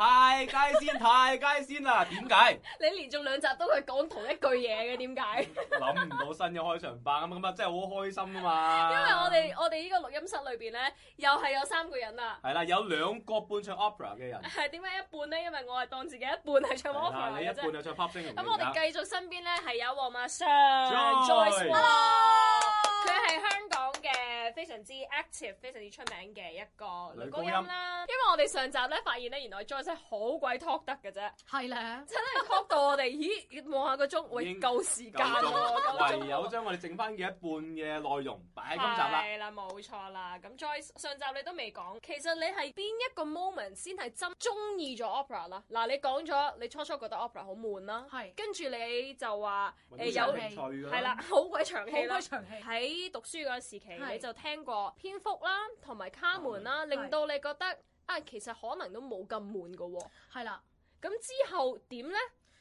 太街先，太街先啦！點解？你連續兩集都係講同一句嘢嘅，點解？諗唔到新嘅開場白咁啊！ 真係好開心啊嘛！因為我哋我哋依個錄音室裏邊咧，又係有三個人啦。係啦，有兩個半唱 opera 嘅人。係點解一半咧？因為我係當自己一半係唱 opera 你一半就唱 pop 聲嘅。咁的我哋繼續身邊咧係有黃馬上。Hello！佢係香港。非常之 active，非常之出名嘅一個女高音啦。因為我哋上集咧發現咧，原來 Joyce 好鬼 talk 得嘅啫。係啦，真係 talk 到我哋，咦？望下個鐘會夠時間咯。唯有將我哋剩翻嘅一半嘅內容擺今集啦。係啦，冇錯啦。咁 Joyce 上集你都未講，其實你係邊一個 moment 先係真中意咗 Opera 啦？嗱，你講咗你初初覺得 Opera 好悶啦，係跟住你就話誒有興趣係啦，好鬼長戲啦，好鬼長戲。喺讀書嗰陣時期你就聽。聽過蝙蝠啦，同埋卡門啦，men, 嗯、令到你覺得是啊，其實可能都冇咁悶噶喎。係啦的，咁之後點呢？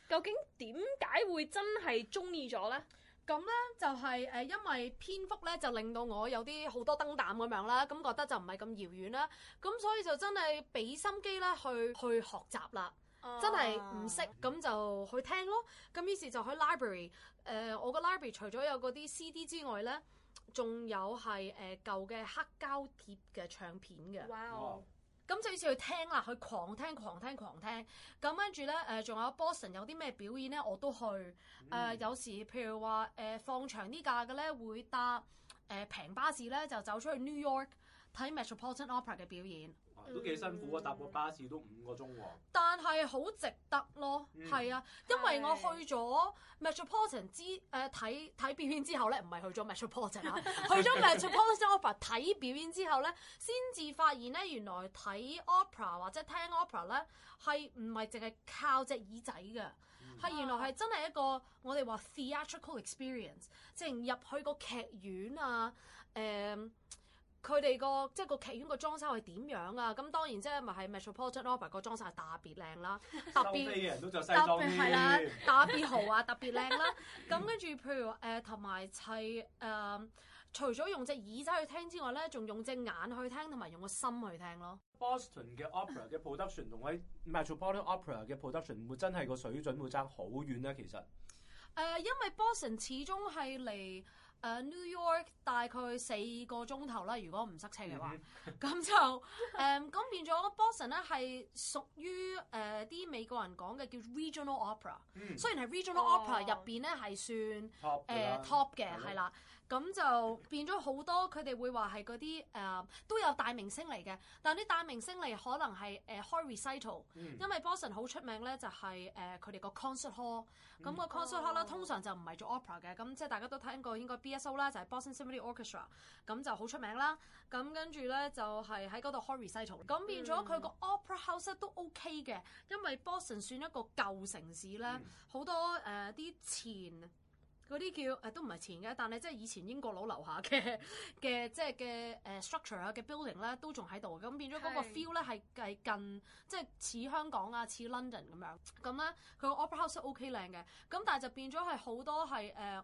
究竟點解會真係中意咗呢？咁呢就係誒，因為蝙蝠咧就令到我有啲好多燈膽咁樣啦，咁覺得就唔係咁遙遠啦，咁所以就真係俾心機咧去去學習啦，啊、真係唔識咁就去聽咯。咁於是就喺 library 誒、呃，我個 library 除咗有嗰啲 CD 之外呢。仲有係誒舊嘅黑膠貼嘅唱片嘅，咁 Wow. 就好似去聽啦，去狂聽、狂聽、狂聽。咁跟住咧誒，仲有 Boston 有啲咩表演咧，我都去。誒、mm. 呃、有時譬如話誒、呃、放長啲假嘅咧，會搭誒、呃、平巴士咧，就走出去 New York 睇 Metropolitan Opera 嘅表演。都幾辛苦啊，搭個巴士都五個鐘喎、哦。但係好值得咯，係、嗯、啊，因為我去咗 Metropolitan 之誒睇睇表演之後咧，唔係去咗 Metropolitan 啊。 去咗 Metropolitan Opera 睇表演之後咧，先至發現咧，原來睇 opera 或者聽 opera 咧係唔係淨係靠隻耳仔嘅，係、嗯、原來係真係一個我哋話 theatrical experience，即係入去個劇院啊，誒、嗯。佢哋個即係個劇院個裝修係點樣啊？咁當然即係咪係 Metropolitan Opera 個裝修係特別靚啦，特別特別啦 打豪啊，特別靚啦。咁跟住，譬如誒同埋砌，誒、呃呃，除咗用隻耳仔去聽之外咧，仲用隻眼去聽，同埋用個心去聽咯。Boston 嘅 Opera 嘅 Production 同喺 Metropolitan Opera 嘅 Production 會真係個水準會爭好遠咧？其實誒、呃，因為 Boston 始終係嚟。誒 New York 大概四個鐘頭啦，如果唔塞車嘅話，咁就誒咁變咗 Boston 咧係屬於誒啲美國人講嘅叫 Regional Opera，雖然係 Regional Opera 入邊咧係算誒 top 嘅係啦。咁就變咗好多，佢哋會話係嗰啲誒都有大明星嚟嘅，但啲大明星嚟可能係、uh，開 recital，、嗯、因為 Boston 好出名咧就係誒佢哋個 concert hall，咁個 concert hall 咧通常就唔係做 opera 嘅，咁即係大家都聽過應該 BSO 啦，就係 Boston Symphony Orchestra，咁就好出名啦，咁跟住咧就係喺嗰度開 recital，咁變咗佢個 opera house 都 OK 嘅，因為 Boston 算一個舊城市啦，好多誒啲前。嗯嗰啲叫誒、呃、都唔係前嘅，但係即係以前英國佬留下嘅嘅即係嘅誒 structure 啊嘅 building 咧都仲喺度，咁變咗嗰個 feel 咧係係近即係似香港啊似 London 咁樣咁咧佢個 Opera House OK 靚嘅，咁但係就變咗係好多係誒。呃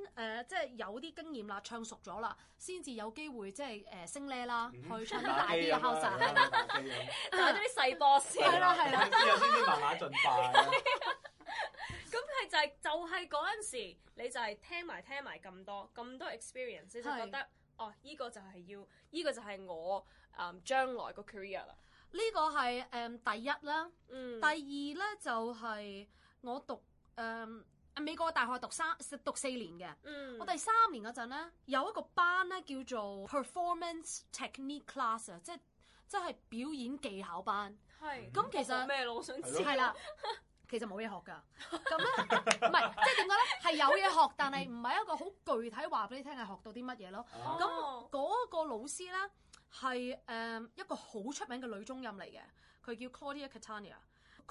誒，即係有啲經驗啦，唱熟咗啦，先至有機會即係誒升 level 啦，去唱大啲嘅曲集，但係都啲細波先，之後慢慢進化。咁係就係就係嗰陣時，你就係聽埋聽埋咁多咁多 experience，你就覺得哦，依個就係要依個就係我誒將來個 career 啦。呢個係誒第一啦，第二咧就係我讀誒。美國大學讀三讀四年嘅，嗯、我第三年嗰陣咧有一個班咧叫做 Performance Technique Class 啊，即即係表演技巧班。係咁是、嗯、其實咩我想知係啦，的 其實冇嘢學噶。咁咧唔係，即係點解咧？係有嘢學，但係唔係一個好具體話俾你聽係學到啲乜嘢咯。咁嗰、啊、個老師咧係誒一個好出名嘅女中音嚟嘅，佢叫 Claudia Catania。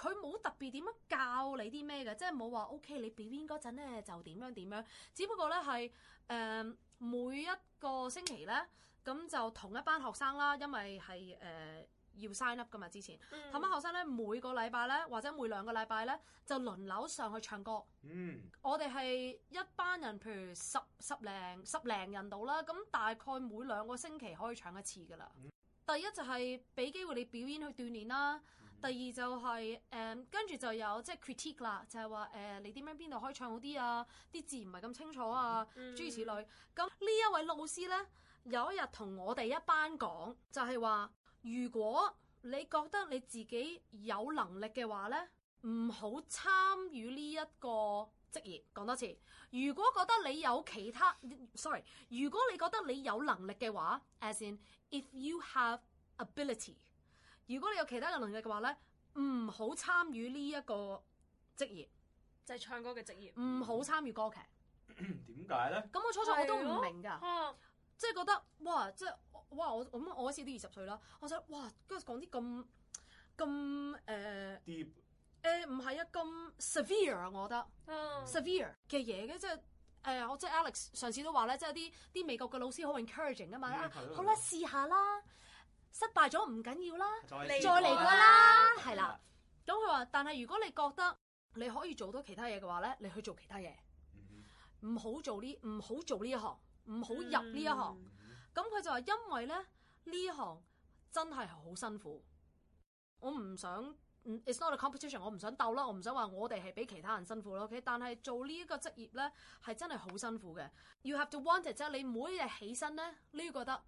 佢冇特別點樣教你啲咩嘅，即係冇話 OK，你表演嗰陣咧就點樣點樣。只不過咧係誒每一個星期咧，咁就同一班學生啦，因為係誒、呃、要 sign up 噶嘛之前。同、嗯、班學生咧每個禮拜咧或者每兩個禮拜咧就輪流上去唱歌。嗯，我哋係一班人，譬如十十零十零人度啦，咁大概每兩個星期可以唱一次噶啦。嗯、第一就係俾機會你表演去鍛鍊啦。嗯第二就係、是、誒，跟、嗯、住就有即係 critique 啦，就係話誒，你點樣邊度可以唱好啲啊？啲字唔係咁清楚啊，嗯、諸如此類。咁呢一位老師呢，有一日同我哋一班講，就係、是、話：如果你覺得你自己有能力嘅話呢，唔好參與呢一個職業。講多次，如果覺得你有其他，sorry，如果你覺得你有能力嘅話，as in if you have ability。如果你有其他嘅能力嘅話咧，唔好參與呢一個職業，就係唱歌嘅職業。唔好參與歌劇。點解咧？咁我初初我都唔明㗎，即係覺得哇，即係哇，我我我嗰時都二十歲啦，我想哇，跟住講啲咁咁誒，誒唔係啊，咁 severe 啊，我覺得 severe 嘅嘢嘅，即係誒，我即係 Alex 上次都話咧，即係啲啲美國嘅老師好 encouraging 啊嘛，好啦，試下啦。失敗咗唔緊要啦，再嚟過啦，係啦。咁佢話，但係如果你覺得你可以做到其他嘢嘅話咧，你去做其他嘢，唔、mm hmm. 好做呢，唔好做呢一行，唔好入呢一行。咁佢、mm hmm. 就話，因為咧呢一行真係好辛苦。我唔想，it's not a competition，我唔想鬥啦，我唔想話我哋係比其他人辛苦咯。O、okay? K，但係做職呢一個職業咧，係真係好辛苦嘅。You have to want it，即係你每日起身咧，都要覺得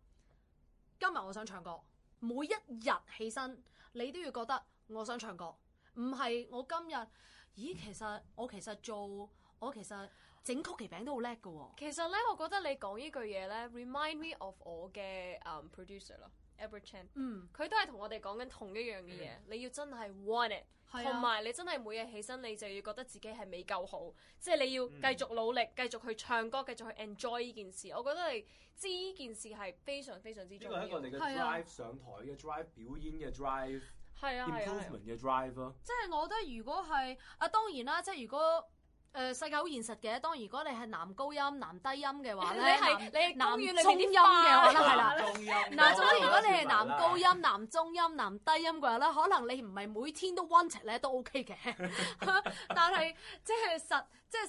今日我想唱歌。每一日起身，你都要覺得我想唱歌，唔係我今日，咦？其實我其實做，我其實整曲奇餅都好叻㗎喎。其實咧，我覺得你講呢句嘢咧，remind me of 我嘅、um, producer 咯。e Albert 佢、嗯、都係同我哋講緊同一樣嘅嘢，嗯、你要真係 want it，同埋、啊、你真係每日起身，你就要覺得自己係未夠好，即、就、係、是、你要繼續努力，繼、嗯、續去唱歌，繼續去 enjoy 呢件事。我覺得你知呢件事係非常非常之重要。一個你嘅 drive 上台嘅、啊、drive 表演嘅 drive，係啊。啊 improvement 嘅 drive 咯、啊。即係我覺得如果係啊，當然啦，即、就、係、是、如果。誒、呃、世界好現實嘅，當然如果你係男高音、男低音嘅話咧，你係是男你公園裏邊中音嘅，係啦係啦。嗱，總之如果你係男高音、男中音、男低音嘅話咧， 可能你唔係每天都 one take 咧都 OK 嘅。 但係即係實即係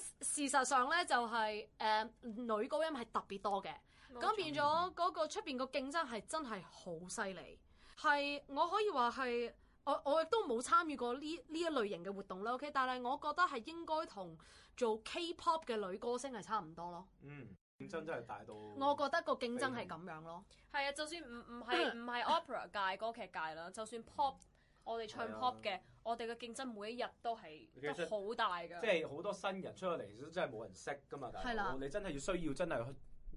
事實上咧，就係、是、誒、呃、女高音係特別多嘅，咁錯變咗嗰個出面個競爭係真係好犀利，係我可以話係。我我亦都冇參與過呢呢一類型嘅活動啦，OK？但係我覺得係應該同做 K-pop 嘅女歌星係差唔多咯。嗯，競爭真係大到。我覺得個競爭係咁樣咯。係啊非常，就算唔唔係唔係 opera 界 歌劇界啦，就算 pop， 我哋唱 pop 嘅，的我哋嘅競爭每一日都係好大噶。即係好多新人出咗嚟都真係冇人識噶嘛，大佬你真係要需要真係去。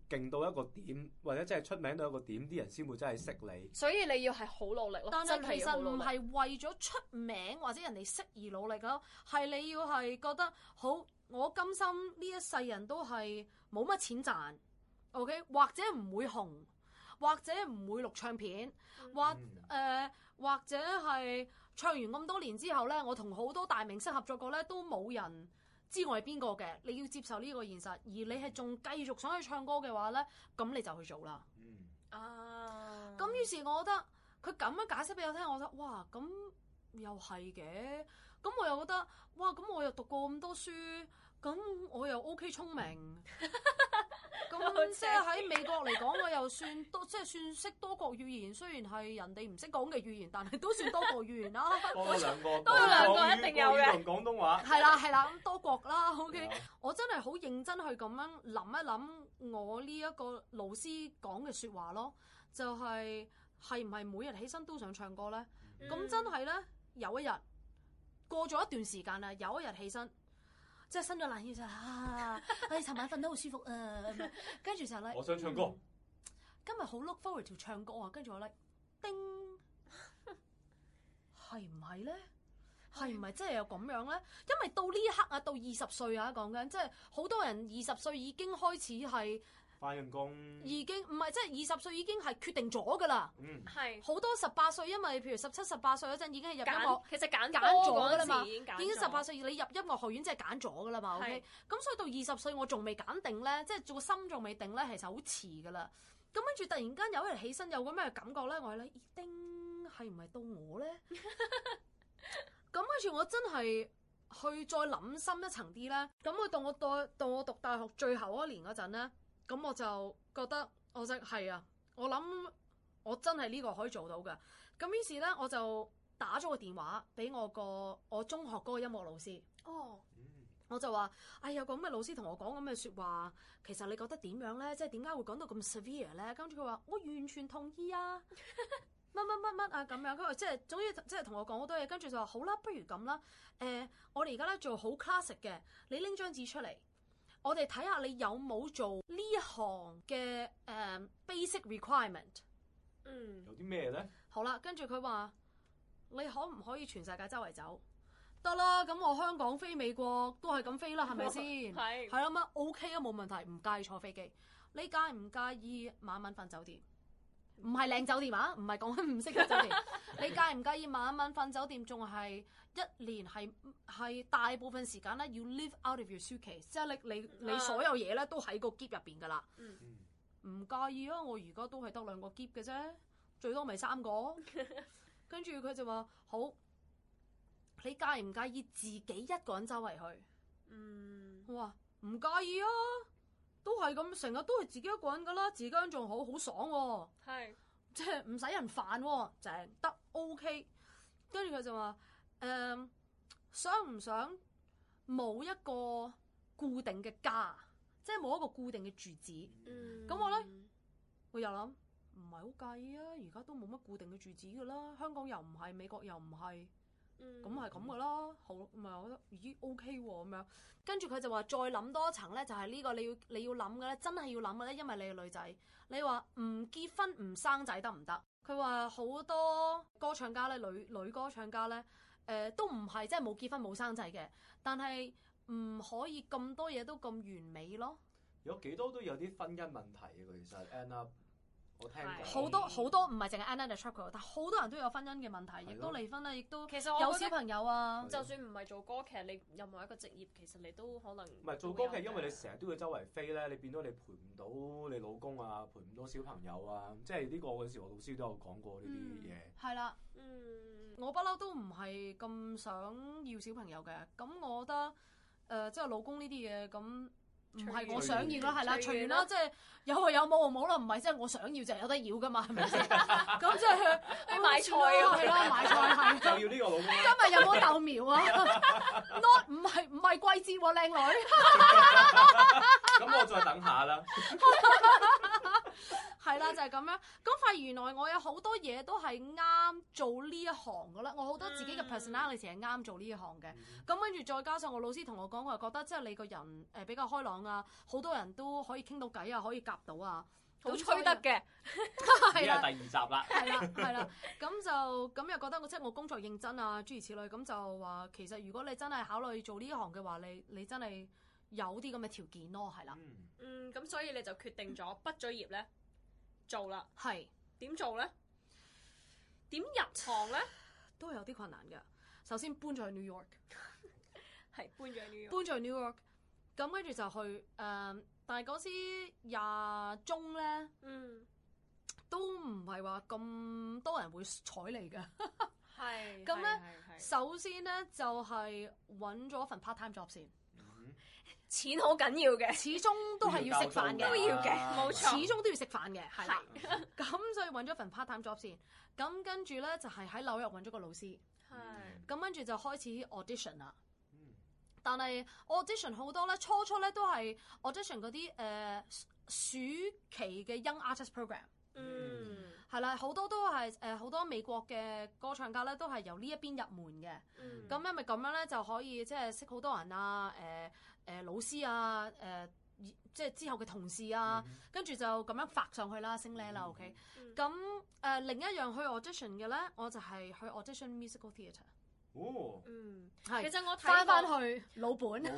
勁到一個點，或者真係出名到一個點，啲人先會真係識你。所以你要係好努力咯，但係其實唔係為咗出名或者人哋識而努力咯，係你要係覺得好，我甘心呢一世人都係冇乜錢賺。OK，或者唔會紅，或者唔會錄唱片，或誒、嗯呃，或者係唱完咁多年之後呢，我同好多大明星合作過呢，都冇人。知我係邊個嘅，你要接受呢個現實。而你係仲繼續想去唱歌嘅話呢，咁你就去做啦。嗯啊，咁於是，我覺得佢咁樣解釋俾我聽，我覺得哇，咁又係嘅。咁我又覺得哇，咁我又讀過咁多書。咁我又 O、OK、K 聰明，咁 即喺美國嚟講，我又算多 即係算識多國語言。雖然係人哋唔識講嘅語言，但係都算多國語言啦。我兩個，都算兩個一定有嘅。同廣東話係 啦係啦，多國啦 O K。Okay? 啊、我真係好認真去咁樣諗一諗我呢一個老師講嘅説話咯，就係係唔係每日起身都想唱歌咧？咁、嗯、真係咧，有一日過咗一段時間咧，有一日起身。即係伸咗懶腰就啊， 哎，尋晚瞓得好舒服啊，跟住 就咧、是。我想唱歌，嗯、今日好 look forward to 唱歌啊，跟住我咧，叮，係唔係咧？係唔係真係又咁樣咧？因為到呢一刻啊，到二十歲啊，講緊即係好多人二十歲已經開始係。翻份工，已經唔係即係二十歲已經係決定咗㗎啦。嗯，係好多十八歲，因為譬如十七、十八歲嗰陣已經係入，入音樂，其實揀多咗噶啦嘛。已經十八歲，你入音樂學院即係揀咗㗎啦嘛。OK，咁是所以到二十歲，我仲未揀定咧，即係個心仲未定咧，其實好遲㗎啦。咁跟住突然間有人起身有個咩感覺咧？我係咧，叮，叮，係唔係到我咧？咁跟住我真係去再諗深一層啲咧。咁去到我大到，到我讀大學最後一年嗰陣咧。咁我就覺得，我真係啊，我諗我真係呢個可以做到嘅。咁於是咧，我就打咗個電話俾我個我中學嗰個音樂老師。哦，oh. 我就話：哎呀，有個咁嘅老師同我講咁嘅説話，其實你覺得點樣咧？即係點解會講到咁 severe 咧？跟住佢話：我完全同意啊，乜乜乜乜啊咁樣。佢話即係總之即係同我講好多嘢，跟住就話好啦，不如咁啦。誒、呃，我哋而家咧做好 classic 嘅，你拎張紙出嚟。我哋睇下你有冇做呢一行嘅誒、um, basic requirement。嗯。有啲咩咧？好啦，跟住佢話，你可唔可以全世界周圍走？得啦，咁我香港飛美國都係咁飛啦，係咪先？係。 係啦，咁 OK 啊，冇問題，唔介意坐飛機。你介唔介意晚晚瞓酒店？唔係靚酒店啊，唔係講唔識嘅酒店。 你介唔介意晚晚瞓酒店？仲係一年係係大部分時間咧，要 live out of your suitcase，即係你你你所有嘢咧都喺個喼入邊噶啦。唔、嗯、介意啊，我而家都係得兩個喼嘅啫，最多咪三個。跟住佢就話好，你介唔介意自己一個人周圍去？嗯，哇，唔介意啊。都係咁，成日都係自己一個人噶啦，自己一個人仲好，好爽喎、啊。係是，即係唔使人煩喎、啊，正得 OK。跟住佢就話：誒、嗯，想唔想冇一個固定嘅家，即係冇一個固定嘅住址？咁、嗯、我咧，我又諗唔係好介意啊。而家都冇乜固定嘅住址噶啦，香港又唔係，美國又唔係。咁係咁噶咯，好唔係我覺得咦 O K 喎咁樣，跟住佢就話再諗多一層咧，就係、是、呢個你要你要諗嘅咧，真係要諗嘅咧，因為你係女仔，你話唔結婚唔生仔得唔得？佢話好多歌唱家咧，女女歌唱家咧，誒、呃、都唔係即係冇結婚冇生仔嘅，但係唔可以咁多嘢都咁完美咯。有幾多都有啲婚姻問題嘅其實 end up。好多好、嗯、多唔係淨係 Anna 的 trouble，但好多人都有婚姻嘅問題，是的 亦都離婚啦，亦都其實我有小朋友啊。是的 就算唔係做歌劇，你任何一個職業，其實你都可能唔係做歌劇，因為你成日都會周圍飛咧，你變咗你陪唔到你老公啊，陪唔到小朋友啊，即係呢個嗰時我老師都有講過呢啲嘢。係啦，嗯，嗯，我不嬲都唔係咁想要小朋友嘅，咁我覺得，誒、呃，即係老公呢啲嘢咁。唔係我想要啦，係啦，隨緣啦，即係有係有冇啊冇啦，唔係即係我想要就有得要㗎嘛，係咪先？咁即係去買菜啊，係 啦，買菜啊， 就要呢個老母。今日有冇豆苗啊？Not 唔係唔係季節喎，靚、 啊、女。咁 我再等下啦。 係啦， 就係咁樣。咁發現原來我有好多嘢都係啱做呢一行噶啦。我好多自己嘅 personality 係啱做呢一行嘅。咁跟住再加上我老師同我講，我又覺得即係你個人誒比較開朗啊，好多人都可以傾到偈啊，可以夾到啊，好吹得嘅。係啦，第二集啦。係啦， 係啦。咁 就咁又覺得我即係我工作認真啊，諸如此類。咁就話其實如果你真係考慮做呢一行嘅話，你你真係。有啲咁嘅條件咯，係啦。嗯，咁所以你就決定咗，畢咗業咧做啦。係是。點做咧？點入行咧？都有啲困難噶。首先搬咗去 New York，係 搬咗去 New York。搬咗去 New York，咁跟住就去誒、呃，但係嗰時廿中咧，嗯，都唔係話咁多人會睬你噶。係。咁咧，首先咧就係搵咗份 part time job 先。錢好緊要嘅，始終都係要食飯嘅，都要嘅，冇錯，始終都要食飯嘅，係、啊錯。咁所以揾咗份 part time job 先，咁跟住咧就係喺紐約揾咗個老師。咁、嗯、跟住就開始 audition 啦。嗯，但係 audition 好多咧，初初咧都係 audition 嗰啲誒、呃、暑期嘅 young artist program。嗯。嗯。係啦，好多都係誒，好多美國嘅歌唱家咧，都係由呢一邊入門嘅。咁因為咁樣咧，就可以即係識好多人啊，誒誒老師啊，誒即係之後嘅同事啊，跟住就咁樣發上去啦，升 level。OK，咁誒另一樣去 audition 嘅咧，我就係去 audition musical theatre。哦，其實我翻翻去老本，我睇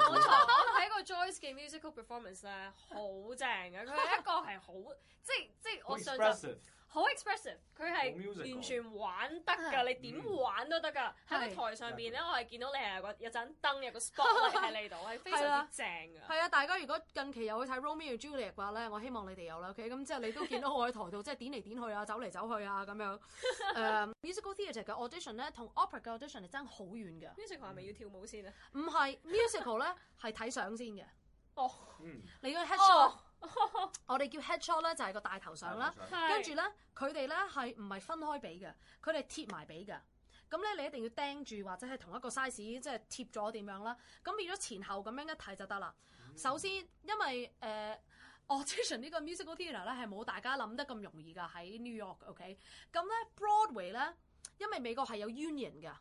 過《Joyce》嘅 musical performance 咧，好正嘅。佢係一個係好即係即係我上集。好 expressive，佢係完全玩得噶，你點玩都得噶。喺個台上邊咧，我係見到你係有盞燈，有個 spot 喺你度，係非常之正噶。係啊，大家如果近期有去睇《Romeo and Juliet》嘅話咧，我希望你哋有啦。OK，咁即係你都見到我喺台度，即係點嚟點去啊，走嚟走去啊咁樣。musical theatre 嘅 audition 咧，同 opera 嘅 audition 係爭好遠噶。musical 係咪要跳舞先啊？唔係 musical 咧，係睇相先嘅。哦，你個 我哋叫 headshot 咧，就係、是、個大頭相啦。相跟住咧，佢哋咧係唔係分開俾嘅，佢哋貼埋俾嘅。咁咧，你一定要盯住或者係同一個 size，即係貼咗點樣啦。咁變咗前後咁樣一睇就得啦。嗯、首先，因為誒、呃、，Audition 呢個 Musical Theatre 咧係冇大家諗得咁容易噶，喺 New York，OK？咁咧 Broadway 咧，因為美國係有 union 噶。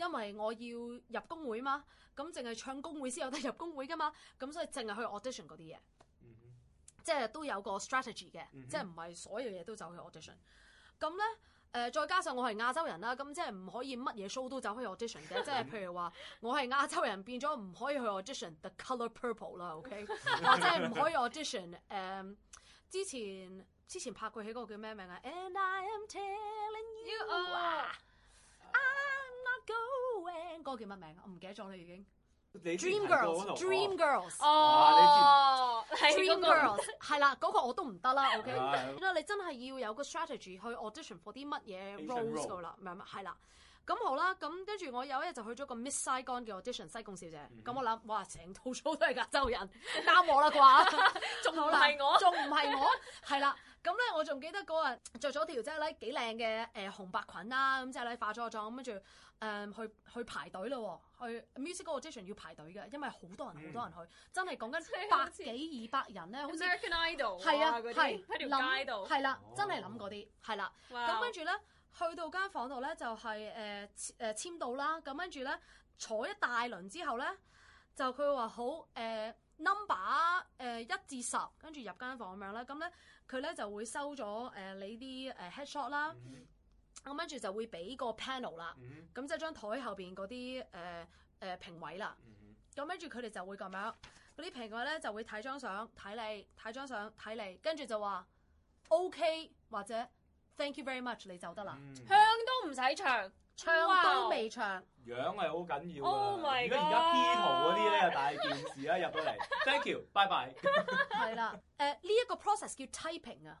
因為我要入工會嘛，咁淨係唱工會先有得入工會噶嘛，咁所以淨係去 audition 嗰啲嘢，mm hmm. 即係都有個 strategy 嘅，mm hmm. 即係唔係所有嘢都走去 audition。咁咧誒，再加上我係亞洲人啦，咁即係唔可以乜嘢 show 都走去 audition 嘅， 即係譬如話我係亞洲人，變咗唔可以去 audition The Color Purple 啦，OK，即係唔可以 audition 誒、呃，之前之前拍過起戲嗰個叫咩名啊？And I am telling you, you are, 嗰個叫乜名啊？我唔記得咗啦，已經。Dream Girls，Dream Girls，哦，Dream Girls，係啦，嗰個我都唔得啦。O K，咁你真係要有個 strategy 去 audition for 啲乜嘢 roles 噶啦，係咪？係啦，咁好啦，咁跟住我有一日就去咗個 Miss Saigon 嘅 audition，西貢小姐。咁我諗，哇，成套組都係亞洲人，啱我啦啩？仲係我？仲唔係我？係啦，咁咧我仲記得嗰日着咗條即係咧幾靚嘅誒紅白裙啦，咁即係咧化咗個妝，咁跟住。誒去去排隊咯，去 music audition 要排隊嘅，因為好多人好多人去，真多人 Idol、欸去，真係講緊百幾二百人咧，好似 American Idol 係啊，係喺條街度係啦，真係諗嗰啲係啦。咁跟住咧，去到間房度咧就係誒誒簽到啦。咁跟住咧坐一大輪之後咧，就佢話好誒、uh, number 誒一至十，跟住入間房咁樣啦。咁咧佢咧就會收咗誒、uh, 你啲誒 headshot 啦、嗯。咁跟住就會俾個 panel 啦，咁即係張台後邊嗰啲誒誒評委啦。咁跟住佢哋就會咁樣，嗰啲評委咧就會睇張相睇你，睇張相睇你，跟住就話 OK 或者 Thank you very much 你就得啦。唱、嗯、都唔使唱，唱都未唱，Wow 樣係好緊要㗎。Oh、如果而家 P 圖嗰啲咧，大件事啦、啊。入到嚟，Thank you，拜拜 。係、呃、啦，誒呢一個 process 叫 typing 啊。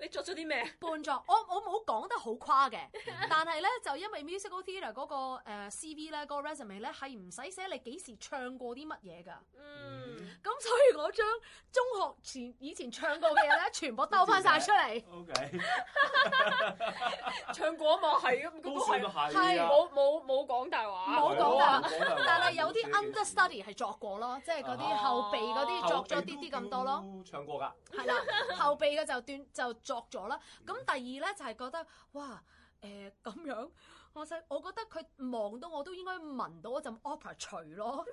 你作咗啲咩？半作？我我冇講得好誇嘅，但係咧就因為 musical theatre 嗰個誒 CV 咧個 resume 咧係唔使寫你幾時唱過啲乜嘢噶，咁所以我將中學前以前唱過嘅嘢咧全部兜翻晒出嚟。OK，唱過啊嘛，係咁，係冇冇冇講大話，冇講大話，但係有啲 understudy 係作過咯，即係嗰啲後備嗰啲作咗啲啲咁多咯，唱過噶，係啦，後備嘅就斷就。作咗啦，咁第二咧就係、是、覺得哇誒咁、呃、樣，我細我覺得佢望到我都應該聞到一陣 Opera 除咯，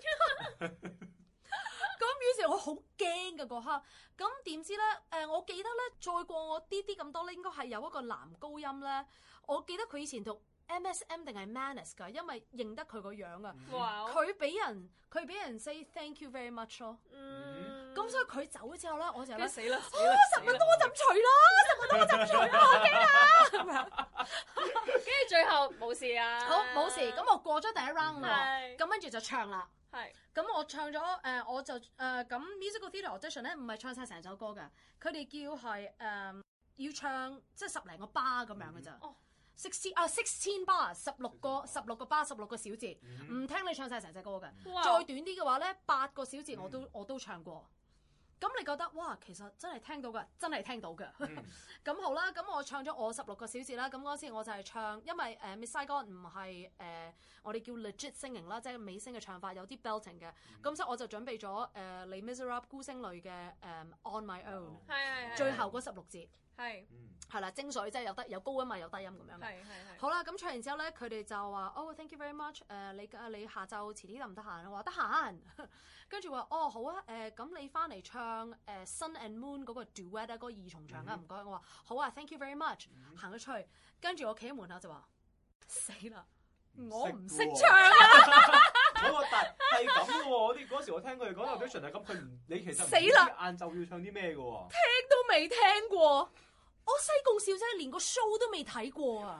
咁 於是我，我好驚嘅嗰刻，咁點知咧誒？我記得咧，再過我啲啲咁多咧，應該係有一個男高音咧，我記得佢以前讀、MS、M S M 定係 Manus 㗎，因為認得佢個樣啊，佢俾、嗯、人佢俾人 say thank you very much 喎。嗯嗯。咁所以佢走咗之後咧，我就得死啦！啊，十分多我就除啦，十分多我就除啦我 k 啦。跟住最後冇事啊，好冇事。咁我過咗第一 round 喎，咁跟住就唱啦。係，咁我唱咗誒，我就誒咁 musical theatre audition 咧，唔係唱晒成首歌嘅，佢哋叫係誒要唱即係十零個巴咁樣嘅咋。哦 s 千啊，six 千巴十六個，十六個巴，十六個小節，唔聽你唱晒成隻歌嘅。再短啲嘅話咧，八個小節我都我都唱過。咁你覺得哇，其實真係聽到㗎，真係聽到㗎。咁、mm. 好啦，咁我唱咗我十六個小節啦。咁嗰時我就係唱，因為誒 Missy 哥唔係誒我哋叫 legit 聲型啦，即係美聲嘅唱法有啲 belting 嘅。咁、mm. 所以我就準備咗誒你 Miser Up 孤星類嘅誒、um, On My Own、oh. 最後嗰十六字。Oh. 嗯係，係啦，精髓，即係有得有高音嘛，有低音咁樣，係係係。好啦，咁唱完之後咧，佢哋就話：哦，thank you very much。誒，你你下晝遲啲得唔得閒啊？我話得閒。跟住話：哦，好啊。誒，咁你翻嚟唱誒《Sun and Moon》嗰個 duet 嗰個二重唱啊，唔該。我話好啊，thank you very much。行咗出去，跟住我企喺門口就話：死啦，我唔識唱啊！好核突，係咁我哋嗰時我聽佢哋講 production 咁，佢唔，你其實唔知晏晝要唱啲咩嘅喎。聽都未聽過。我西貢小姐真係連個 show 都未睇過啊！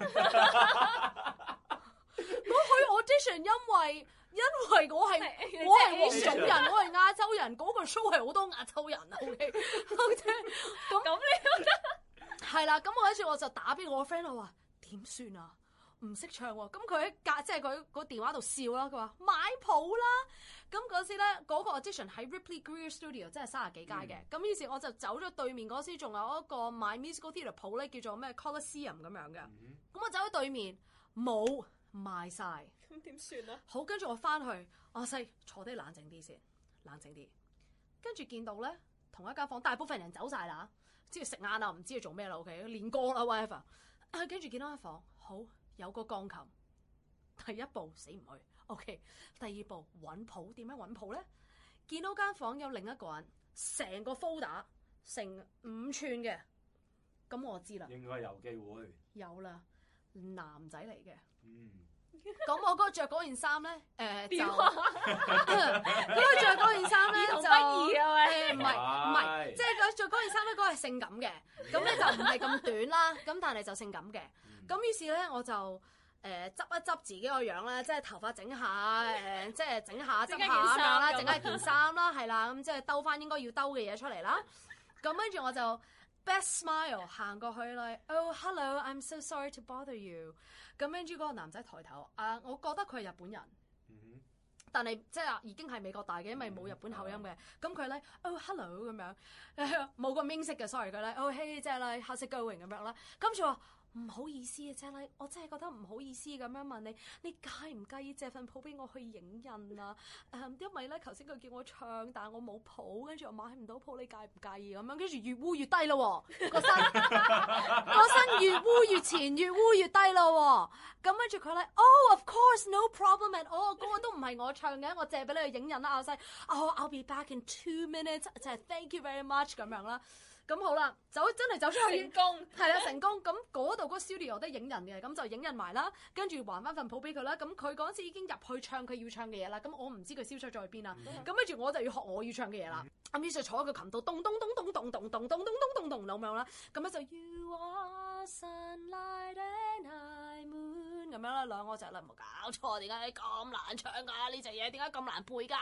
我去 audition，因為因為我係 我係黃種人，我係亞洲人，嗰個 show 係好多亞洲人啊！OK，咁咁你都得係啦。咁我一住我就打俾我個 friend，我話點算啊？唔識唱喎，啊。咁佢喺隔即係佢個電話度笑泡泡啦。佢話買譜啦。咁嗰時咧，嗰、嗰個 audition 喺 Ripley Grier Studio，即係三十幾街嘅。咁、嗯、於是我就走咗對面嗰時，仲有一個賣 musical theatre 鋪咧，叫做咩 Colos 嗯嗯 seum 咁樣嘅。咁我走咗對面冇賣晒，咁點算啊？好，跟住我翻去，阿西坐低冷靜啲先，冷靜啲。跟住見到咧，同一間房大部分人走曬啦，即係食晏啦，唔知做咩啦，OK？練歌啦，whatever。跟、啊、住見到間房，好有個鋼琴，第一步死唔去。O、okay, K，第二步揾譜，點樣揾譜咧？見到間房有另一個人，成個 full 打，成五吋嘅，咁我知啦。應該有機會。有啦，男仔嚟嘅。嗯。咁我嗰個著嗰件衫咧，誒、呃。電話。着什麼 我著嗰件衫咧就誒，唔係唔係，即係佢着嗰件衫咧嗰個係性感嘅，咁咧吧就唔係咁短啦，咁但係就性感嘅。咁、嗯、於是咧我就。誒執一執自己個樣啦，即係頭髮整下，誒即係整下執下啦，整下件衫啦，係啦，咁即係兜翻應該要兜嘅嘢出嚟啦。咁跟住我就 best smile 行過去啦。oh hello I'm so sorry to bother you。咁跟住嗰個男仔抬頭，啊，我覺得佢係日本人，但係即係已經係美國大嘅，因為冇日本口音嘅。咁佢咧 oh hello 咁樣，冇個英式嘅 sorry，佢咧 oh hey 即係咧，how's it going 咁樣啦。跟住話。唔好意思啊，啫啦，我真係覺得唔好意思咁樣問你，你介唔介意借份譜俾我去影印啊？Um, 因為咧頭先佢叫我唱，但係我冇譜，跟住我買唔到譜，你介唔介意咁樣？跟住越污越低咯喎、哦，個身個 身越污越前，越污越低咯喎、哦。咁跟住佢咧，oh of course no problem，哦，我個歌都唔係我唱嘅，我借俾你去影印啦、啊，阿西 o、oh, I'll be back in two minutes，就係 thank you very much 咁樣啦。咁好啦，走真係走出去，成功係啦成功咁嗰度嗰個 studio 都影人嘅，咁就影人埋啦。跟住還翻份譜俾佢啦。咁佢嗰次已經入去唱佢要唱嘅嘢啦。咁我唔知佢消失咗去邊啦。咁跟住我就要學我要唱嘅嘢啦。咁阿 Miss 就坐喺個琴度，咚咚咚咚咚咚咚咚咚咚，咁樣啦。咁咧就 You are sunlight and I moon，咁樣啦。兩個就啦，唔好搞錯。點解咁難唱噶？呢隻嘢點解咁難配噶？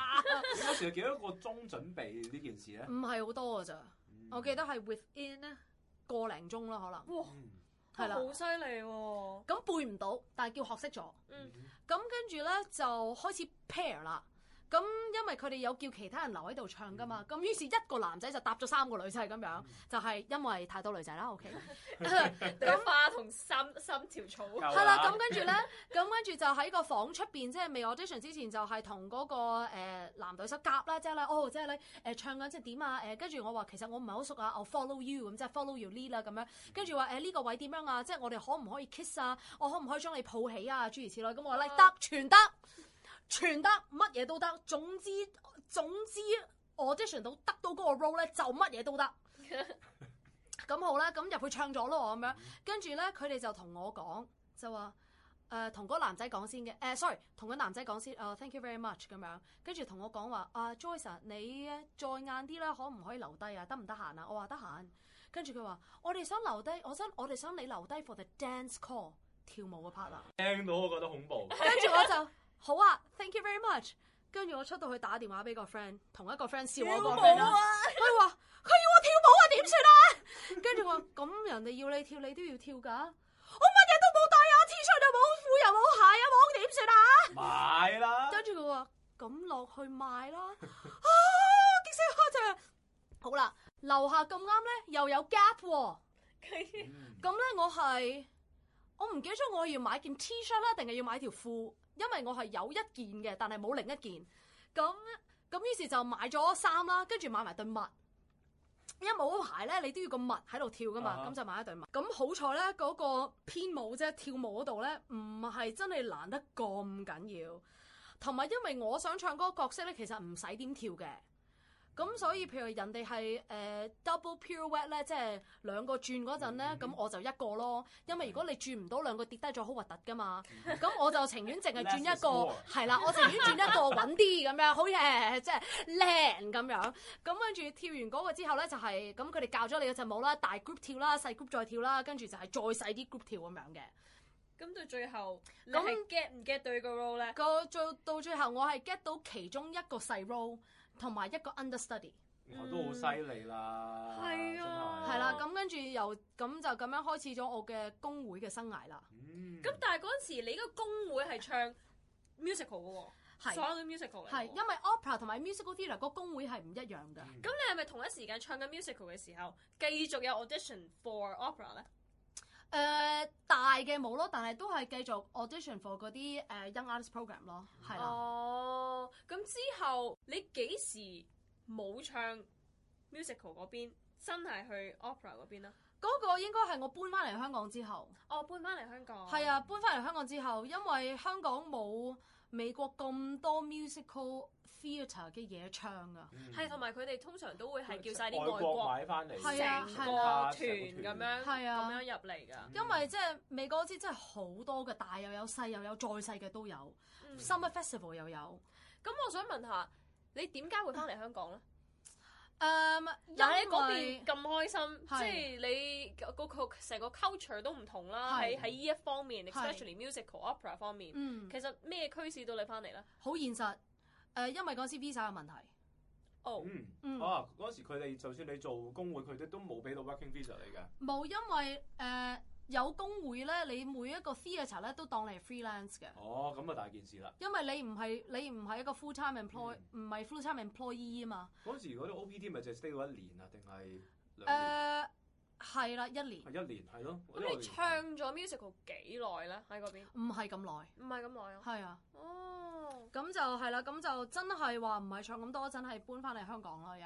嗰時幾多個鐘準備呢件事咧？唔係好多嘅咋。我記得係 within 咧個零鐘啦，可能。哇！係啦了，好犀利喎。咁背唔到，但係叫學識咗。嗯哼。咁跟住咧就開始 pair 啦。咁因為佢哋有叫其他人留喺度唱噶嘛，咁於是，一個男仔就搭咗三個女仔咁樣，就係、是、因為太多女仔啦，OK。 花同三三條草。係 啦，咁 跟住咧，咁跟住就喺個房出邊，即係未 audition 之前，就係同嗰個男隊手夾啦，即係咧哦，即係咧誒唱緊即係點啊？誒跟住我話其實我唔係好熟啊，我 follow you 咁即係 follow your lead 啦咁樣。跟住話誒呢個位點樣啊？即、就、係、是、我哋可唔可以 kiss 啊？我可唔可以將你抱起啊？諸如此類。咁我話咧，得全得。全得，乜嘢都得，總之總之我 audition 到得到嗰個 role 咧就乜嘢都得。咁 好啦，咁入去唱咗咯，咁樣呢跟住咧佢哋就同我講就話誒同嗰個男仔講先嘅誒、呃、，sorry 同個男仔講先，誒、uh, thank you very much 咁樣跟住同我講話啊 Joyce 啊你再晏啲咧可唔可以留低啊？得唔得閒啊？我話得閒，跟住佢話我哋想留低，我想我哋想你留低 for the dance call 跳舞嘅 part 啊！聽到我覺得恐怖，跟住 我就。好啊，thank you very much。跟住我出到去打電話俾個 friend，同一個 friend 笑我過嚟啦。佢話佢要我跳舞啊，點算啊？跟住 我話咁人哋要你跳，你都要跳噶。我乜嘢都冇帶啊，T 恤又冇褲又冇鞋，我點算啊？買啦。跟住佢話咁落去買啦。 啊，極聲誇張。好啦，樓下咁啱咧，又有 gap。咁咧，我係我唔記得咗我要買件 T 恤啦，定係要買條褲？因為我係有一件嘅，但係冇另一件，咁咁於是就買咗衫啦，跟住買埋對襪。因為我一冇鞋咧，你都要知個襪喺度跳噶嘛？咁、uh huh. 就買一對襪。咁好彩呢，嗰、那個編舞啫，跳舞嗰度呢，唔係真係難得咁緊要，同埋因為我想唱歌角色呢，其實唔使點跳嘅。咁所以譬如人哋係誒 double pirouette 咧，即係兩個轉嗰陣咧，咁、mm hmm. 我就一個咯。因為如果你轉唔到兩個跌低咗，好核突噶嘛。咁 我就情願淨係轉一個，係 is 啦，我情願轉一個穩啲咁樣，好嘢， 即係靚咁樣。咁跟住跳完嗰個之後咧，就係咁佢哋教咗你嗰隻舞啦，大 group 跳啦，細 group 再跳啦，跟住就係再細啲 group 跳咁樣嘅。咁到最後，咁 get 唔那 get 到個 role 咧？個最到最後，我係 get 到其中一個細 role。同埋一個 understudy，我、嗯、都好犀利啦，真係啊！係啦、啊，咁、啊、跟住又咁就咁樣開始咗我嘅工會嘅生涯啦。咁、嗯、但係嗰陣時，你個工會係唱 musical 嘅喎，是所有 musical 嚟是的。因為 opera 同埋 musical theatre 個工會係唔一樣㗎。咁、嗯、你係咪同一時間唱緊 musical 嘅時候，繼續有 audition for opera 咧？誒、uh，大嘅冇咯，但係都係繼續 audition for 嗰啲誒 Young Artist Program 咯，係啦。哦，咁之後你幾時冇唱 musical 嗰邊，真係去 opera 嗰邊咧？嗰個應該係我搬翻嚟香港之後。哦，搬翻嚟香港。係啊，搬翻嚟香港之後，因為香港冇。美國咁多 musical theatre 嘅嘢唱啊，係同埋佢哋通常都會係叫晒啲外，外國買翻嚟成個團咁、啊啊、個樣咁、啊、樣入嚟噶，嗯、因為即係美國好似真係好多嘅，大又有細又有，有，再細嘅都有、嗯、summer festival 又有。咁、嗯、我想問下，你點解會翻嚟香港咧？嗯誒，um, 但喺嗰邊咁開心，是即係你嗰個成個 culture 都唔同啦。喺喺呢一方面，especially musical 是 opera 方面，嗯、其實咩驅使到你翻嚟咧？好現實，誒、呃，因為嗰時 visa 嘅問題。哦、oh，嗯，嗯啊，嗰時佢哋就算你做工會，佢哋都冇俾到 working visa 嚟嘅。冇，因為誒。呃有工會咧，你每一個 theatre 咧都當你係 freelance 嘅。哦，咁啊大件事啦。因為你唔係你唔係一個 full time employ 唔係 full time employee 啊 Yeah. 嘛。嗰、嗯、時嗰啲 OPT 咪就 stay 到一年啊，定係？誒、呃，係啦，一年。係一年，係咯。咁你唱咗 musical 幾耐咧？喺嗰邊？唔係咁耐，唔係咁耐。係啊的。哦、oh.。咁就係啦，咁就真係話唔係唱咁多，真係搬翻嚟香港咯，又。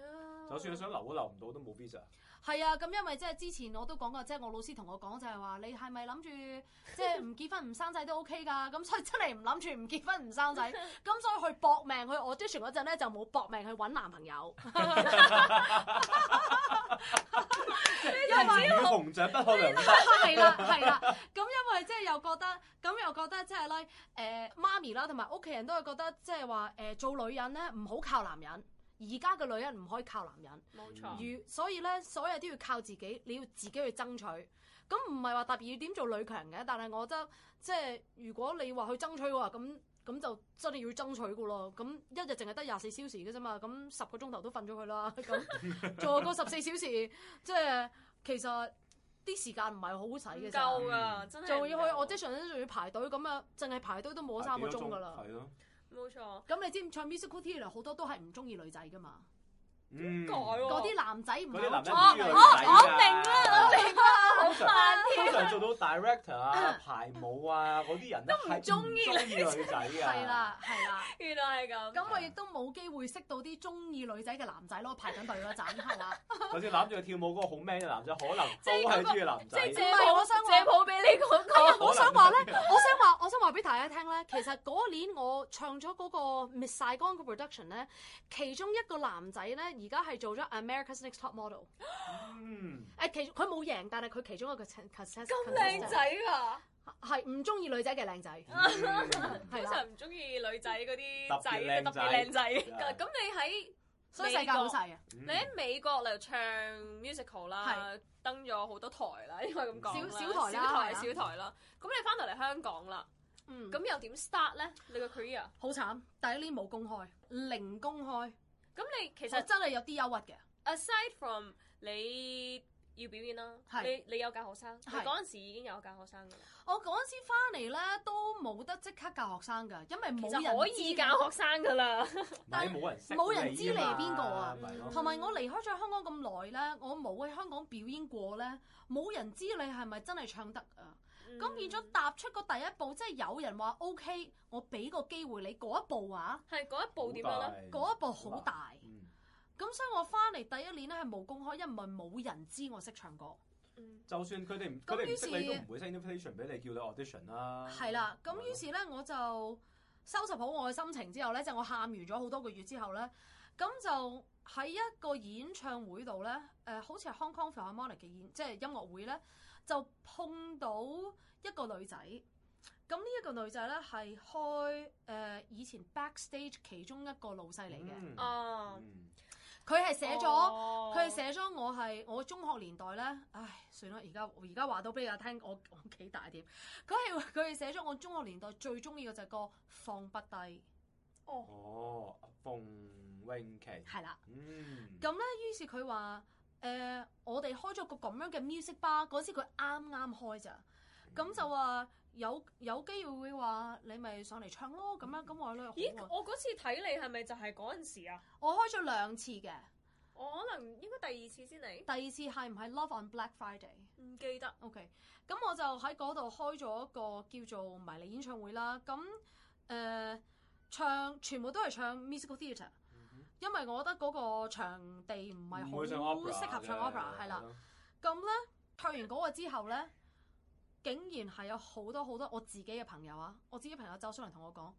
Yeah. 就算你想留都留唔到，都冇 Visa。係啊，咁因為即係之前我都講過，即係我老師同我講就係話，你係咪諗住即係唔結婚唔生仔都 OK 噶？咁所以真係唔諗住唔結婚唔生仔，咁所以去搏命去 audition 嗰陣咧就冇搏命去搵男朋友。魚與熊掌不可兩立，係啦係啦。咁因為即係 又， 又覺得，咁又覺得即係咧，誒、呃、媽咪啦，同埋屋企人都係覺得即係話，誒、呃、做女人咧唔好靠男人。而家嘅女人唔可以靠男人，冇錯。所以咧，所有都要靠自己，你要自己去爭取。咁唔係話特別要點做女強嘅，但係我覺得即係如果你話去爭取嘅話，咁咁就真係要爭取噶咯。咁一日淨係得廿四小時嘅啫嘛，咁十個鐘頭都瞓咗佢啦。咁仲 有個十四小時，即係其實啲時間唔係好好使嘅。夠㗎，真係仲要去，我即係上陣仲要排隊咁啊，淨係排隊都冇三個鐘㗎啦。冇錯，咁、嗯、你知唔知 musical theatre 好多都係唔中意女仔噶嘛？嗯，嗰啲男仔唔中意女仔我我明啦，我明啦，好難㗎。通常做到 director 啊、排舞啊嗰啲人都唔中意女仔㗎。係啦，係啦，原來係咁。咁我亦都冇機會識到啲中意女仔嘅男仔咯，排緊隊嗰陣係啦。頭先攬住佢跳舞嗰個好 man 嘅男仔，可能好係中意男仔。借借，我想借鋪俾你講講。我想話咧，我想話，我想話俾大家聽咧，其實嗰年我唱咗嗰個 Miss 晒光嘅 production 咧，其中一個男仔咧。而家係做咗 America's Next Top Model。誒，其佢冇贏，但係佢其中一個嘅 c o 咁靚仔啊。係唔中意女仔嘅靚仔，係常唔中意女仔嗰啲仔，特別靚仔。咁你喺世界，你喺美國嚟唱 musical 啦，登咗好多台啦，應該咁講啦，小台啦，小台係小台啦。咁你翻到嚟香港啦，咁又點 start 咧？你個 career 好慘，第一年冇公開，零公開。咁你其實真係有啲憂鬱嘅。Aside from 你要表演啦，是你你有教學生，是你嗰陣時已經有教學生嘅。我嗰陣時翻嚟咧都冇得即刻教學生嘅，因為冇人可以教學生噶啦。 但係冇人冇人知你係邊個啊？同埋、嗯、我離開咗香港咁耐咧，我冇喺香港表演過咧，冇人知你係咪真係唱得啊？咁變咗踏出個第一步，即係有人話 OK，我俾個機會你嗰一步啊，係嗰一步點樣咧？嗰大一步好大，咁、嗯、所以我翻嚟第一年咧係冇公開，因為冇人知我識唱歌。嗯、就算佢哋唔哋識你都唔會 send 俾你叫你 audition 啦。係啦，咁於是咧我就收拾好我嘅心情之後咧，即、就、係、是、我喊完咗好多個月之後咧，咁就喺一個演唱會度咧，誒、呃、好似係 Hong Kong Philharmonic 嘅演，即係音樂會咧。就碰到一個女仔，咁呢一個女仔咧係開誒、呃、以前 backstage 其中一個老細嚟嘅，啊、嗯，佢、嗯、係寫咗佢係寫咗我係我中學年代咧，唉，算啦，而家而家話到俾你聽，我幾大啲，佢係佢係寫咗我中學年代最中意嘅隻歌放不低，哦，哦，馮永琪，係啦，嗯，咁咧，於是佢話。誒，uh, 我哋開咗個咁樣嘅 music bar，嗰時佢啱啱開咋，咁、嗯、就話有有機會話你咪上嚟唱咯，咁樣咁我咧。咦，我嗰次睇你係咪就係嗰陣時啊？我開咗兩次嘅，我可能應該第二次先嚟。第二次係唔係 Love on Black Friday？唔記得。OK，咁我就喺嗰度開咗一個叫做迷你演唱會啦。咁誒、呃，唱全部都係唱 musical theatre。因為我覺得嗰個場地唔係好適合唱 opera，係啦。咁咧，唱完嗰個之後咧，竟然係有好多好多我自己嘅朋友啊，我自己朋友周湘玲同我講，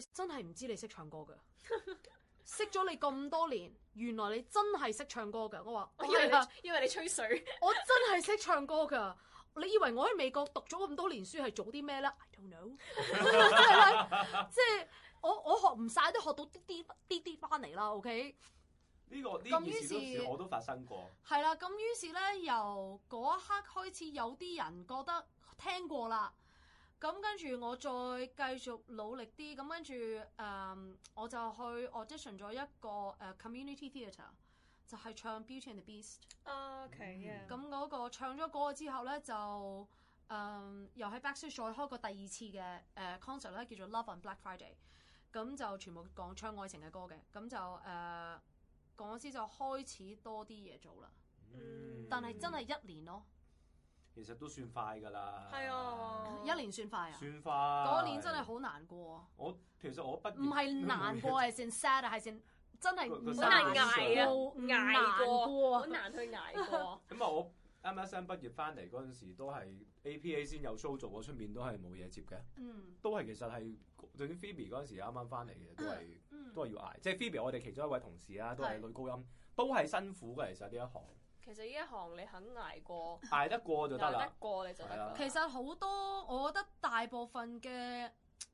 再真係唔知你識唱歌㗎，識咗你咁多年，原來你真係識唱歌㗎。我話， 啊、我以為你以為你吹水， 我真係識唱歌㗎。你以為我喺美國讀咗咁多年書係做啲咩咧？I don't know，即係。我我學唔晒，都學到啲啲啲啲翻嚟啦，OK？呢、這個咁於是，都是我都發生過係啦。咁於是咧，由嗰一刻開始，有啲人覺得聽過啦。咁跟住我再繼續努力啲。咁跟住誒，um, 我就去 audition 咗一個誒、uh, community theatre，就係唱 Beauty and the Beast。OK 啊 yeah.、嗯。咁、嗯、嗰、那個唱咗嗰個之後咧，就誒、um, 又喺 Backstage 再開過第二次嘅誒、uh, concert 咧，叫做 Love on Black Friday。咁就全部講唱愛情嘅歌嘅，咁就誒、呃，講師就開始多啲嘢做啦。嗯、但係真係一年咯，其實都算快噶啦。係啊，一年算快啊，算快。嗰年真係好難過、啊。我其實我畢業唔係難過係先 sad 係先，真係好難捱啊，過捱過，好難去捱過。咁啊，我啱啱先畢業翻嚟嗰陣時，都係 APA 先有 show 做，我出面都係冇嘢接嘅。嗯，都係其實係。對於 Phoebe 陣時啱啱翻嚟嘅都係、嗯、都係要挨，即係 Phoebe 我哋其中一位同事啊都係女高音，都係辛苦嘅。其實呢一行其實呢一行你肯挨過挨得過就得啦，捱得過你就得啦。啊、其實好多我覺得大部分嘅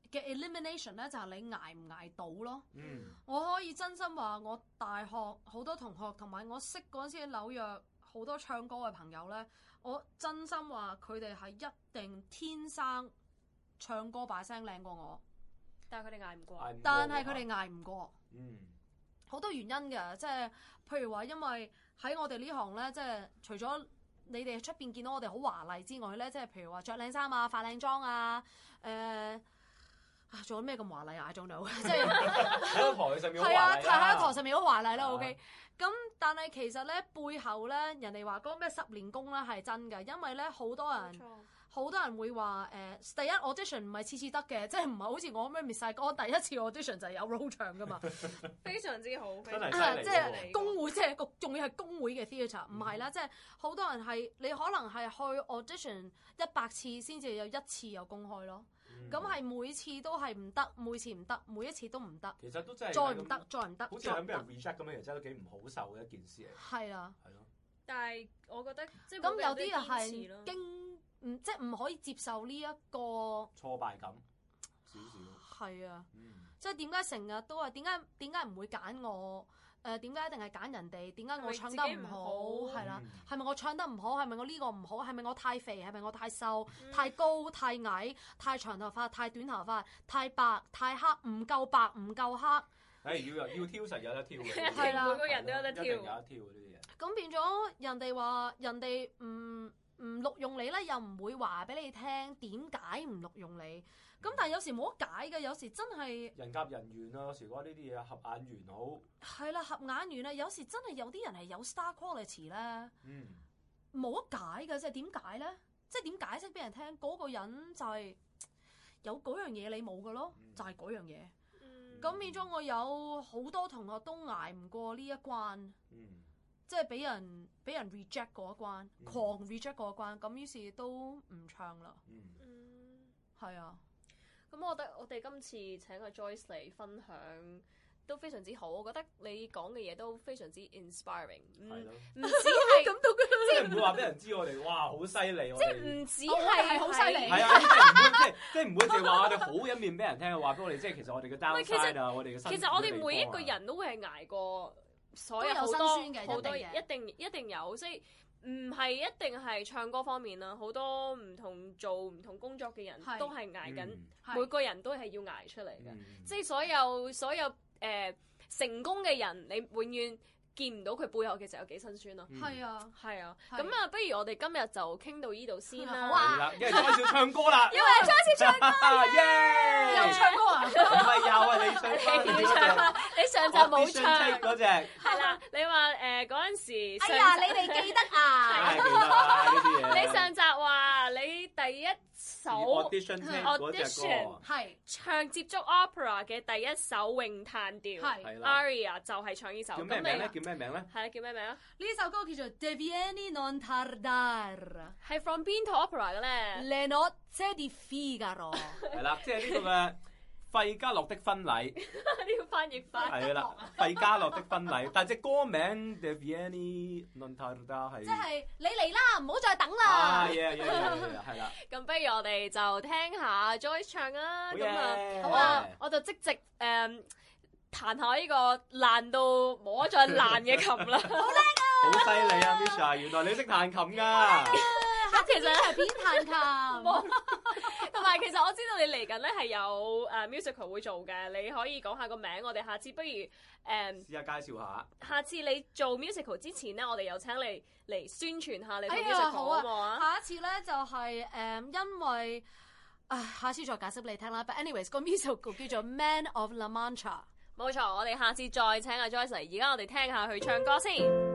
嘅 elimination 咧就係你挨唔挨到咯。嗯，我可以真心話，我大學好多同學同埋我識陣時喺紐約好多唱歌嘅朋友咧，我真心話，佢哋係一定天生唱歌把聲靚過我。但係佢哋挨唔過，但係佢哋挨唔過，嗯，好多原因嘅，即係譬如話，因為喺我哋呢行咧，即係除咗你哋出邊見到我哋好華麗之外咧，即係譬如話着靚衫啊、化靚妝啊，誒，做咩咁華麗啊？I d 即係喺台上面，係啊，喺台上面好華麗啦。OK，咁但係其實咧背後咧，人哋話講咩十年功咧係真嘅，因為咧好多人。好多人會話誒，第一 audition 唔係次次得嘅，即係唔係好似我咁樣未曬乾，第一次 audition 就有 role 噶嘛，非常之好，即係公會，即係一個仲要係公會嘅 theatre，唔係啦，即係好多人係你可能係去 audition 一百次先至有一次有公開咯，咁係每次都係唔得，每次唔得，每一次都唔得，其實都真係再唔得，再唔得，好似俾人 reject 咁樣，其實都幾唔好受嘅一件事嚟，係啦，係咯，但係我覺得即係會有啲堅持咯。即係唔可以接受呢、這、一個挫敗感少少，係啊，嗯、即係點解成日都話點解點解唔會揀我？誒點解一定係揀人哋？點解我唱得唔好？係啦，係咪、啊嗯、我唱得唔好？係咪我呢個唔好？係咪我太肥？係咪我太瘦？太高？太矮？嗯、太長頭髮？太短頭髮？太白？太黑？唔夠白？唔夠黑？誒、哎、要人要挑實有得挑嘅， 啊、每個人都有得挑嘅呢啲嘢。咁、啊、變咗人哋話人哋唔。唔錄用你咧，又唔會話俾你聽點解唔錄用你。咁、嗯、但係有時冇得解嘅，有時真係人夾人緣啊！有時話呢啲嘢合眼緣好。係啦，合眼緣啊，有時真係有啲人係有 star quality 咧，冇得、嗯、解嘅，即係點解咧？即係點解釋俾人聽？嗰、嗰個人就係、是、有嗰樣嘢你冇嘅咯，嗯、就係嗰樣嘢。咁、嗯、變咗我有好多同學都捱唔過呢一關。嗯即係俾人俾人 reject 過一關，嗯、狂 reject 過一關，咁於是都唔唱啦。嗯，係啊。咁我哋我哋今次請阿 Joyce 嚟分享都非常之好，我覺得你講嘅嘢都非常之 inspiring 係囉。嗯，唔止咁多嘅，即係唔會話俾人知我哋哇好犀利。即係唔止係好犀利。係啊，即係唔會成日話我哋好一面俾人聽，話俾我哋即係其實我哋嘅 downside 我哋嘅新。其實我哋每一個人都會係捱過。所有好多好多人一定一定,一定有，即係唔係一定係唱歌方面啦，好多唔同做唔同工作嘅人都係捱緊，是每個人都係要捱出嚟嘅，即係是所有是所有誒、呃、成功嘅人，你永遠。見唔到佢背後其實有幾辛酸咯，係啊，係啊，咁啊，不如我哋今日就傾到呢度先啦。好啊，因為將要唱歌啦，因為將要唱歌啊耶！唱歌啊，唔係有！啊，你上集你上集冇唱嗰隻，係啦，你話誒嗰陣時，哎呀，你哋記得啊，你上集話你第一首 audition 嗰隻歌係唱接觸 opera 嘅第一首詠嘆調係 aria 就係唱呢首，咁咩名咧？咩名咧？係啊，叫咩名啊？呢首歌叫做《Deh vieni, non tardar》，係 from 邊套 opera 嘅咧？《Le nozze di Figaro》係啦，即係呢個嘅費加洛的婚禮。呢個翻譯翻係，啦，費加洛的婚禮，但係隻歌名《Deh vieni, non tardar》係即係你嚟啦，唔好再等啦。係，啊係啊係啦係啦。咁不如我哋就聽下 Joyce 唱啊。咁啊。好啊，我就即席誒。彈下呢個爛到摸盡爛嘅琴啦，好靚啊！好犀利啊 Misha 原來你識彈琴噶？吓，其實你係邊彈琴？同埋，其實我知道你嚟緊咧係有誒 musical 會做嘅，你可以講下個名，我哋下次不如誒，試、嗯、下介紹下。下次你做 musical 之前呢，我哋有請你嚟宣傳下你嘅 musical、哎、啊,好啊下一次咧就係、是、誒，um, 因為啊，下次再解釋俾你聽啦。But anyways，個 musical 叫做 Man of La Mancha。冇錯，我哋下次再請阿 Joyce，而家我哋聽下佢唱歌先。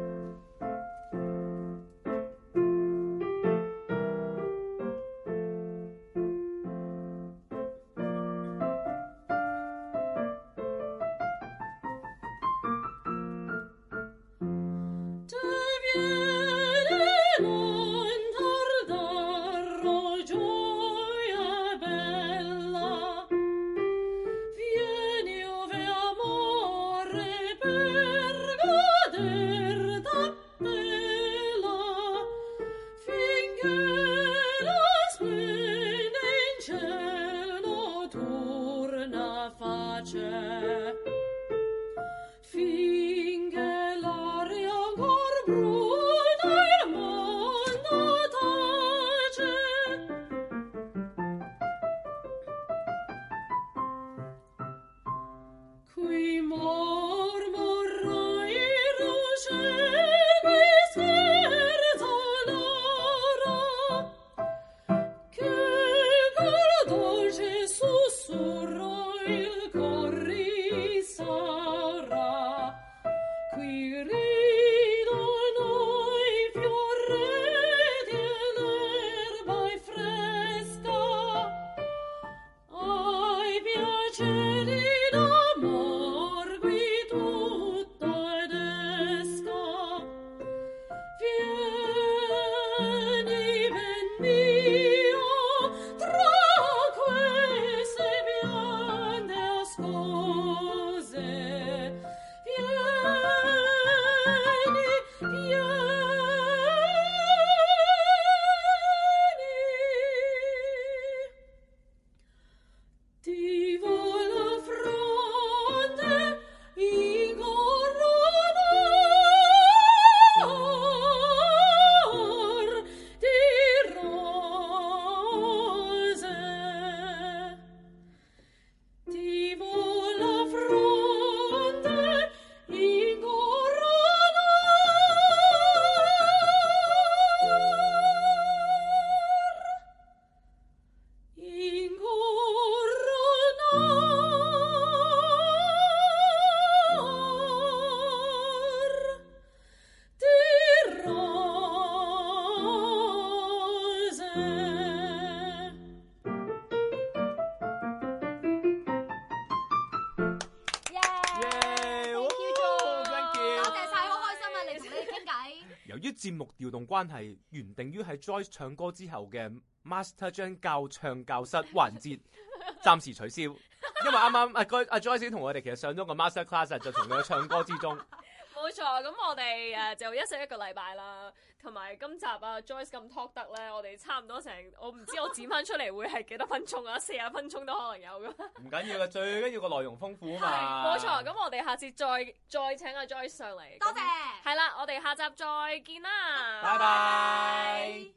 調動關係，原定於係 Joyce 唱歌之後嘅 Master 將教唱教室環節暫時取消，因為啱啱阿 Joyce 同我哋其實上咗個 Master class 就同佢唱歌之中，冇錯，咁我哋誒就一息一個禮拜啦。同埋今集啊 Joyce 咁 talk 得咧，我哋差唔多成，我唔知我剪翻出嚟會係幾多分鐘啊，四十分鐘都可能有㗎。唔緊要啊，最緊要個內容豐富啊嘛。係。冇錯，咁我哋下次再再請阿 Joyce 上嚟。多謝，謝。係啦，我哋下集再見啦。拜拜。